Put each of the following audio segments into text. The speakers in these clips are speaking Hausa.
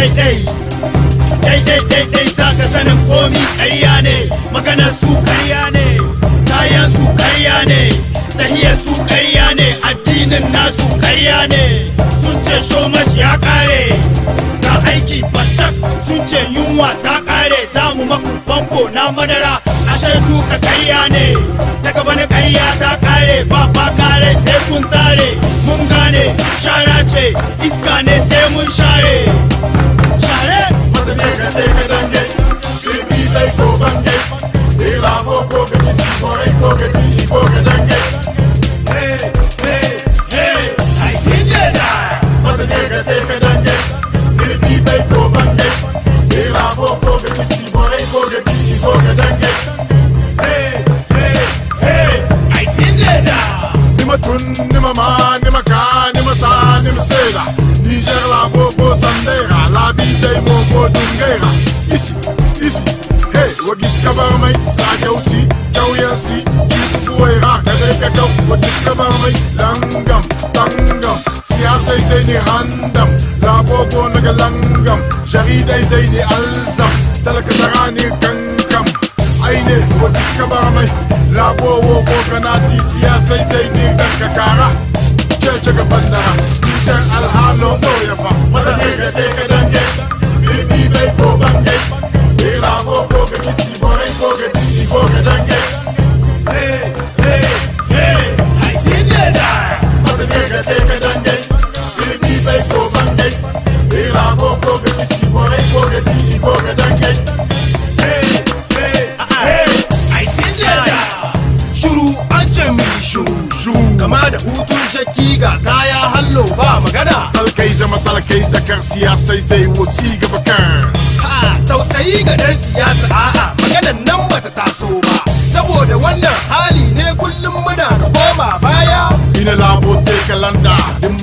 daidai daidai daidai zaka sanin komi karya ne maganar su ne kayan su karya ne tahiyar su karya ne addinin nasu karya ne sun ce shomash ya kare Ta aiki bacak sun ce yunwa ta Za zamu maku famfo na madara shaidu ka karya ne daga na karya ta kare ba fa kare sai kun tare mun gane shara ce iska ne sai mun share up with discovery langam tangam siyasai zai ni handam bo na ga langam sharidai zai ni alzam talaka tara kankam aine wa discovery labowo ko kanati siyasai zai ne kankakara ce ce gaban nara alhalo doya fa mata ne ga sai ko bangai Bila ko ko ga bisi ko rai ko ko ga dangai Shuru an ce mai shuru kama da hutun shakki ga kaya hallo ba magana Talkai zama talkai zakar siyasai zai wasi ga bakar tausayi ga dan siyasa a'a maganan nan bata taso ba saboda wannan hali ne kullum muna koma baya ina labo te kalanda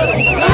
Let's go!